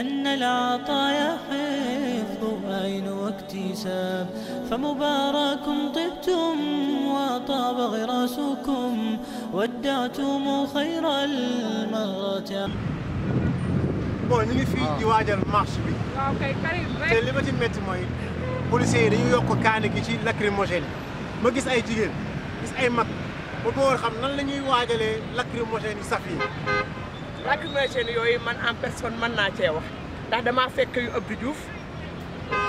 أن العطايا حفظ أين واكتساب فمبارك طبتم وطاب غراسكم ودعتم خير المرات bon ñu ngi fii ah. di waajal marche bi te li ma ci métti mooy policiers yi dañu yokk kaani gi ci lacrymogène ma gis ay jigéen gis ay mag ba boor xam nan la ñuy waajalee lacrymogène yi saf yi lacrymogène yooyu man en personne man naa cee wax ndax damaa fekk yu juuf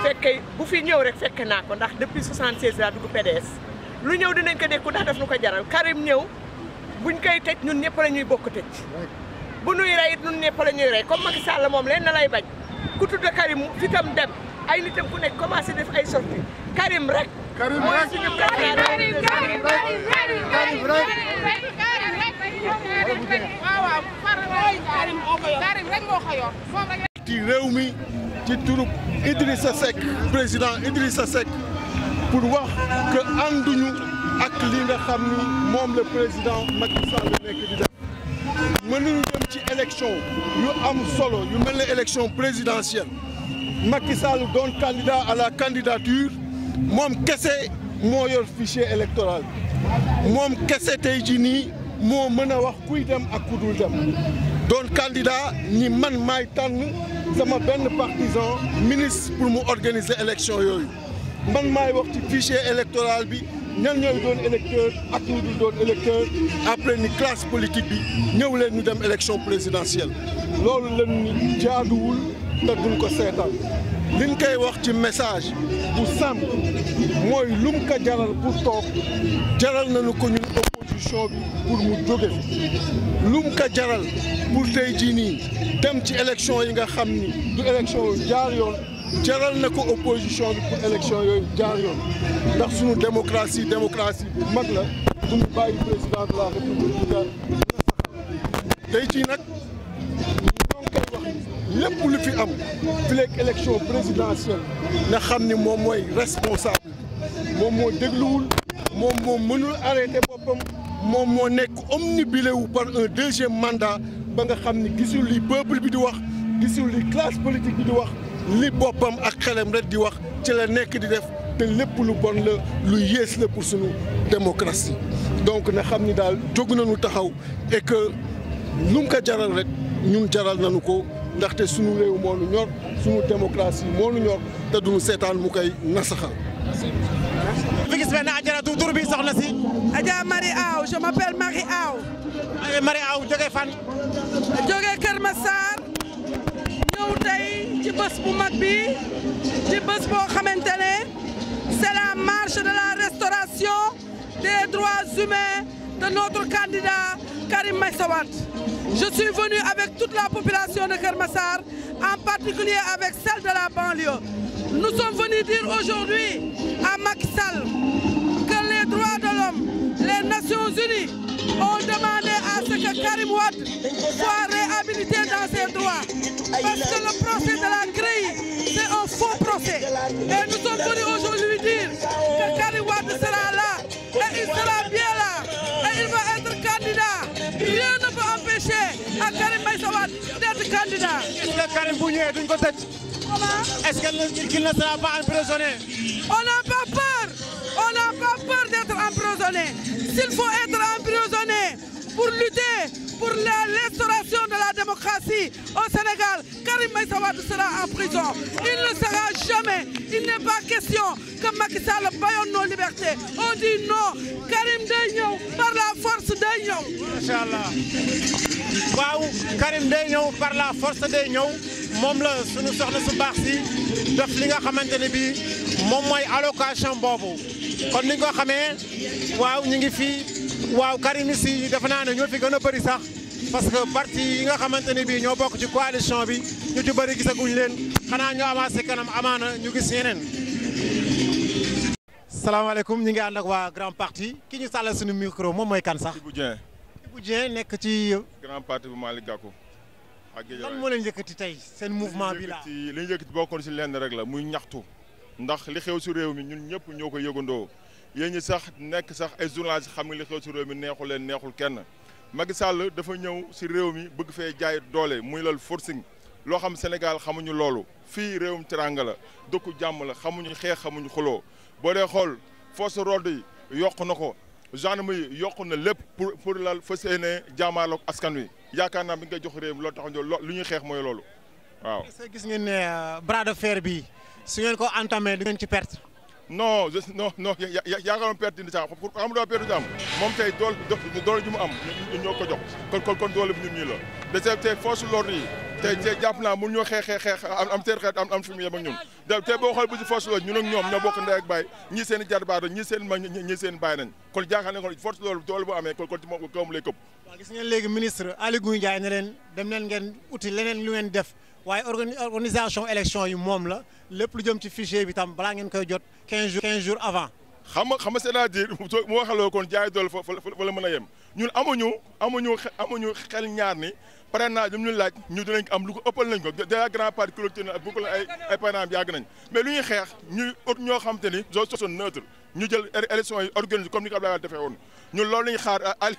fekk fekke bu fi ñëw rek fekke naa ko ndax depuis 76 laa dugg PDS lu ñëw dinañ ko dékku ndax daf nu ko jaral Karim ñëw buñ koy tëj ñun ñëpp ñuy bokk tëj bu nuy rey it ñun ñëpp la ñuy rey comme Macky Sall moom leen na lay bañ ku tudd Karim fitam dem ay nitam ku nekk commencé def ay sorti Karim rek Karim rek Karim Karim Karim Karim Karim ci réew mi ci turub Idrissa Seck président Idrissa Seck pour wax que ànduñu ak li nga xam ni moom le président Macky Sall nekk di def. mënuñu dem ci élection yu am solo yu mel ne élection présidentielle Macky Sall doon candidat à la candidature moom kese moo yor électoral moom kese tey jii nii. moo mën a wax kuy dem ak ku dul dem doon candidat ni man maay tànn sama benn partisan ministre pour mu organiser élection yooyu man maay wax ci fichier électoral bi ñan ñooy doon électeur ak ñu dul doon électeur après ni classe politique bi ñëw leen ñu dem élection présidentielle loolu leen ni jaaduwul te duñ ko seetal liñ koy wax ci message bu simple mooy lum ko jaral pour toog jaral nañu ko ñun opposition bi pour mu jóge lum ko jaral pour tey jii nii dem ci élection yi nga xam ni du élection yu jaar yoon jaral na ko opposition bi pour élection yooyu jaar yoon ndax suñu démocratie démocratie bu mag la bu ñu bàyyi président de la république tey jii nag lépp lu fi am fileeg élection présidentielle na xam ni moom mooy responsable moom moo dégluwul moom moo mënul arrêté boppam moom moo nekk om ni omnibulé wu par un deuxième mandat ba nga xam ni gisul li peuple bi di wax gisul li classe politique bi di wax li boppam ak xelem rek di wax ci la nekk di def te lépp lu bon la lu yées la pour sunu démocratie donc na xam ni daal jóg nañu taxaw et que ko jaral rek ñun jaral nañu ko ndaxte suñu réew moo nu ñor suñu démocratie moo nu ñor te seetaan mu koy nasaxal. fi gis benn Adjara tur bi soxna si. Adja Marie Aw je m'appelle Marie Aw. Marie Aw jógee fan. jógee Kër Massar. ñëw tey ci bés bu mag bi ci bés boo xamante ne c'est marche de la restauration des droits humains de notre candidat Karim Meïssa Wade. Je suis venu avec toute la population de Kermassar, en particulier avec celle de la banlieue. Nous sommes venus dire aujourd'hui à Macky que les droits de l'homme, les Nations Unies ont demandé à ce que Karim Wade soit dans ses droits. Parce que le procès de la CRI, c'est un faux procès. Et nous sommes venus aujourd'hui dire candidat. est-ce que Karim bu ñëwee duñ ko tëj. comment. est-ce qu'il ne sera pas emprisonné. on n'a pas peur on n'a pas peur d'être emprisonné s'il faut être emprisonné pour lutter pour la restauration de la démocratie au Sénégal Karim Meïssa Wade sera en prison il ne sera jamais il n'est pas question que Macky Sall bayoon nos on dit non Karim day ñëw par la force day ñëw. Inch'Allah. waaw Karim day ñëw par la force day ñëw moom la suñu soxna su baax si def li nga xamante ne bii moom mooy allocation boobu kon ni nga ko xamee waaw ñu ngi fii waaw Karim si defe naa ne ñoo fi gën a bëri sax parce que parti yi nga xamante ne bii ñoo bokk ci coalition bi ñu ci bëri gisaguñ leen xanaa ñoo avancé kanam amaana ñu gis yeneen. salaamaaleykum ñi ngi ànd ak waa grand parti ki ñu sàllal suñu micro moom mooy kan sax. Babou Dieng nekk ci. grand parti bu Malick Gakou. ak Guèye lan moo leen seen mouvement bi la li ñu yëkkati si lenn rek la muy ñaxtu. ndax li xew si réew mi ñun ñëpp ñoo ko yëgandoo yéen ñi sax nekk sax ay journaliste xam nga li xew si réew mi neexul leen neexul kenn. Macky Sall dafa ñëw si réew mi bëgg fee jaay doole muy lal forcing loo xam Sénégal xamuñu loolu fii réewum teranga la dëkku jàmm la xamuñu xeex xamuñu xuloo boo dee xool force rodd yi yokk na ko gendarmerie yokku na lépp pour pour lal fas yéene jaamaarloog askan wi yaakaar naa bi nga koy jox réew mi loolu tax lu ñuy xeex mooy loolu waaw. est-ce ne euh, bras de fer bi su ngeen ko entamé du ngeen ci perte. non je non non yaakaaroon perte dina saa pour xam nga perte dina am moom tey doole doole ju mu am ñoo ko jox kon kon doole bi ñun ñii la de tey force l'ordre yi. te jàpp naa mun ñoo xeex xeex am am teer xeet am fi mu yem ak ñun te boo xool bu ci loolu ñun ak ñoom ñoo bokk ndey ak baay ñii seen i jarbaar la ñii seen mag ñii seen baay nañ kon jaaxal na kon force loolu doole bu amee kon kon ci moom kawam lay këpp ministre Aly Ngouille Ndiaye ne dem leen ngeen uti leneen lu ngeen def waaye organisation élection yi moom la lépp lu jëm ci fichier bi tam a ngeen koy jot 15 jours 15 jours avant xam nga xam nga c'est-à-dire mu waxaloo kon jaay doole fa fa la mën a yem ñun amuñu amuñu amuñu xel ñaar ni parrainage bi mu ñu laaj ñu dinañ am lu ko ëppal nañ ko déjà grand parti clôture na ak bu ko ay ay parrainage yàgg nañ mais lu ñuy xeex ñuy ut ñoo xam te ni zone neutre ñu jël élection yi organisé comme ni ko Abdoulaye Wade defee woon ñun loolu lañu xaar Ali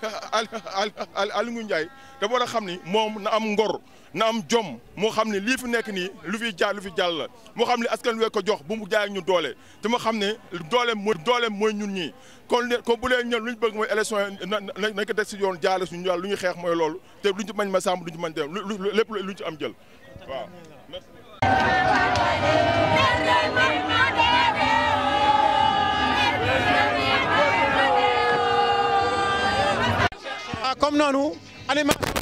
Ali Aliou Ndiaye dafa war a xam ni moom na am ngor na am jom moo xam ne lii fi nekk nii lu fi jaar lu fi jàll la moo xam ne askan wee ko jox bu mu jaay ñu doole te moo xam ne doole mooy doole mooy ñun ñii kon kon bu leen ñoom lu ñu bëgg mooy élection na nañ ko teg si yoon jaarale suñu yàlla lu ñu xeex mooy loolu te lu ñu ci mañ ma sàmm lu ñu ci mañ dem lu lépp lu ñu ci am jël waaw comme noonu animation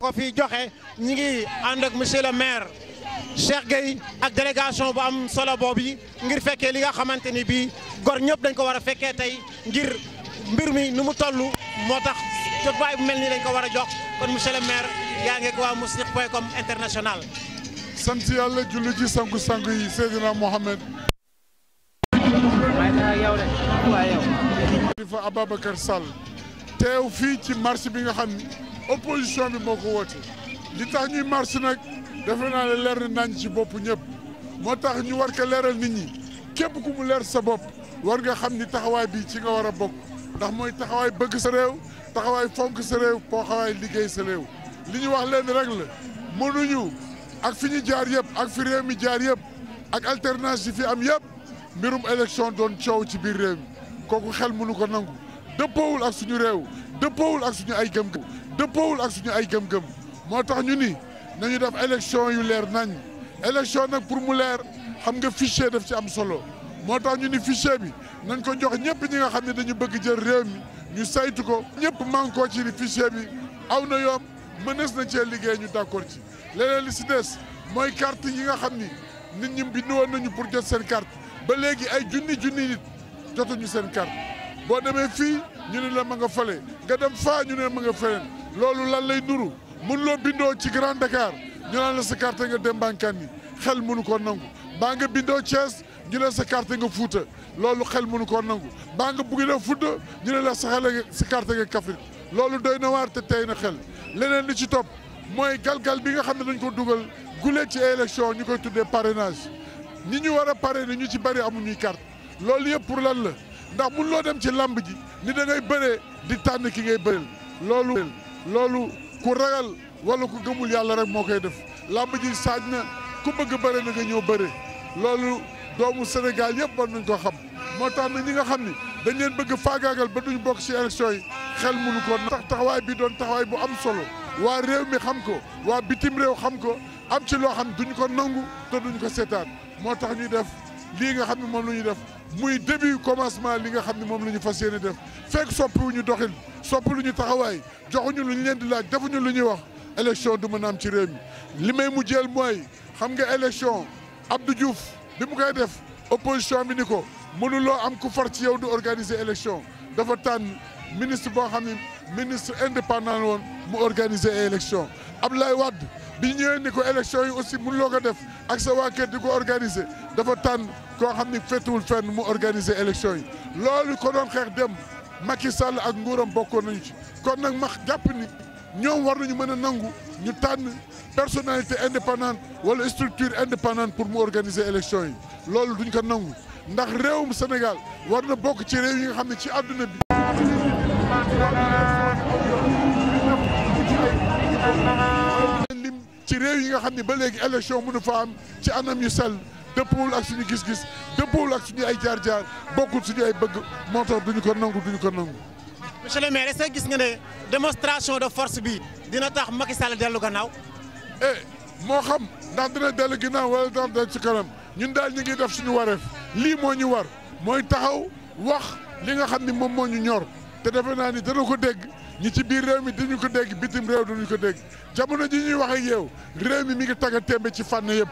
boobu ko joxe ñi ngi ànd ak monsieur maire Cheikh ak délégation bu am solo boobu ngir fekkee li nga xamante ni bii gor ñëpp dañ ko war a fekkee tey ngir mbir mi nu mu toll moo tax jotuwaay bu mel ni dañ ko war a jox kon monsieur le maire yaa ngi ak waa Mouslikh point international sant yàlla julli ci sangu-sangu yi Seydina Mohamed Khalifa Ababacar Sall teew fii ci marche bi nga xam ni opposition bi moo ko woote li tax ñuy marche nag defe naa ne leer na nañ ci bopp ñëpp moo tax ñu war ko leeral nit ñi képp ku mu leer sa bopp war nga xam ni taxawaay bi ci nga war a bokk ndax mooy taxawaay bëgg sa réew taxawaay fonk sa réew pooxawaay liggéey sa réew li ñu wax leen rek la mënuñu ak fi ñu jaar yëpp ak fi réew mi jaar yëpp ak alternance yi fi am yëpp mbirum élection doon coow ci biir réew mi kooku xel mënu ko nangu dëppoowul ak suñu réew dëppoowul ak suñu ay gëm-gëm ak suñu ay gëm moo tax ñu ni nañu def élection yu leer nañ élection nag pour mu leer xam nga fichier daf ci am solo moo tax ñu ni fichier bi nañ ko jox ñëpp ñi nga xam ne dañu bëgg jël réew mi ñu saytu ko ñëpp mànkoo ci fichier bi aw na yoom mënees na cee liggéey ñu d'accord ci leneen li si des mooy carte yi nga xam ni nit ñi bindu woon nañu pour jot seen carte ba léegi ay junni junni nit jotuñu seen carte boo demee fii ñu ne la ma nga fale nga dem faa ñu ne ma nga feneen loolu lan lay nuru mun loo bindoo ci Grand Dakar ñu naan la sa carte nga dem bankaan yi xel mënu ko nangu baa nga bindoo Thiès ñu ne sa carte nga Fuuta loolu xel mënu ko nangu baa nga buggi na Fuuta ñu la sa xel sa carte nga Kaffrine loolu doy na te tey na xel leneen li ci topp mooy galgal bi nga xam ne dañ ko dugal gulee ci élection ñu koy tuddee parrainage ñi ñu war a pare ni ñu ci bëri amuñuy carte loolu yëpp pour lan la ndax mun loo dem ci làmb ji ni da ngay bëree di tànn ki ngay bëreel loolu loolu ku ragal wala ku gëmul yàlla rek moo koy def làmb ji saaj na ku bëgg bëre na nga ñëw bëre loolu doomu Sénégal yëpp war nañ ko xam moo tax na ñi nga xam ni dañ leen bëgg faagaagal ba duñ bokk ci élection yi xel mënu ko tax taxawaay bi doon taxawaay bu am solo waa réew mi xam ko waa bitim réew xam ko am ci loo xam duñ ko nangu te duñ ko seetaan moo tax ñu def lii nga xam ne moom la ñu def muy début commencement li nga xam ne moom la ñu fas yéene def fekk soppiwuñu lu soppiluñu taxawaay joxuñu lu ñu leen di laaj defuñu lu ñuy wax élection du mën a ci réew mi li may mujjeel mooy xam nga élection Abdou Diouf bi mu koy def opposition bi ni ko mënuloo am ku far ci yow di organiser élection dafa tànn ministre boo xam ne ministre indépendant la woon mu organiser élection Abdoulaye Wade bi ñëwee ni ko élection yi aussi loo ko def ak sa waa kër di ko organiser dafa tànn koo xam ni féetuwul fenn mu organiser élection yi loolu ko doon xeex dem Macky Sall ak nguuram bokkoon nañu ci kon nag max jàpp ni ñoom war nañu mën a nangu ñu tànn personnalité indépendant wala structure indépendante pour mu organiser élection yi loolu duñ ko nangu ndax réewum Sénégal war na bokk ci réew yi nga xam ne ci àdduna bi ci réew yi nga xam ne ba léegi élection mënu fa am ci anam yu sell dëppawul ak suñu gis-gis dëppawul ak suñu ay jaar-jaar bokkul suñu ay bëgg moo tax duñu ko nangu duñu ko nangu. monsieur le maire est-ce gis nga ne démonstration de force bi dina tax Macky Sall dellu gannaaw. eh moo xam ndax dina dellu ginnaaw wala dina dellu ci kanam ñun daal ñu ngi def suñu wareef lii moo ñu war mooy taxaw wax li nga xam ni moom moo ñu ñor te defe naa ni dana ko dégg. ñi ci biir réew mi dañu ko dégg bitim réew dañu ko dégg jamono ji ñuy wax ak yow réew mi mi ngi tagga témbe ci fànn yëpp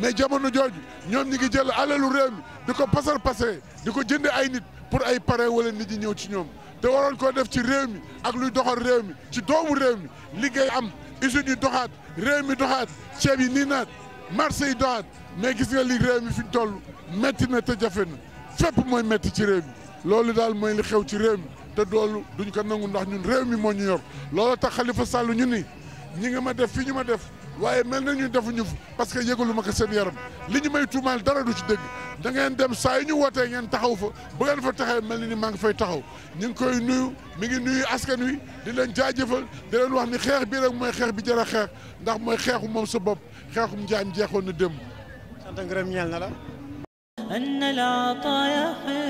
mais jamono jooju ñoom ñi ngi jël alalu réew mi di ko pasar pasé di ko jënde ay nit pour ay pare wala nit ñi ñëw ci ñoom te waroon koo def ci réew mi ak luy doxal réew mi ci doomu réew mi liggéey am usines yi doxaat réew mi doxaat ceeb yi nii naat marché yi doxaat mais gis nga li réew mi fi ñu toll na te jafe na fépp mooy ci réew loolu daal mooy li xew ci réew mi te doolu duñ ko nangu ndax ñun réew mi moo ñu yor looloo tax Khalifa Sall ñu ni ñu ngi ma def fii ñu ma def waaye mel na ñu defuñu parce que yëgalu ma ko seen yaram li ñu may tuumaal dara du ci dëgg da ngeen dem saa yu ñu wootee ngeen taxaw fa bu ngeen fa taxee mel ni maa ngi fay taxaw ñu ngi koy nuyu mi ngi nuyu askan wi di leen jaajëfal di leen wax ni xeex bi rek mooy xeex bi jar a xeex ndax mooy xeexu moom sa bopp xeexum njaam jeexoon na démb. sant ngërëm ñeel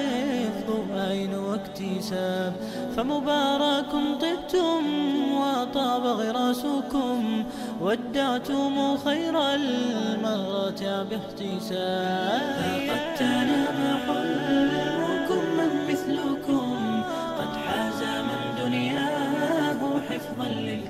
حساب فمبارك طبتم وطاب غراسكم ودعتم خير المرة باحتساب لقد تنبح لكم من مثلكم قد حاز من دنياه حفظا للكتاب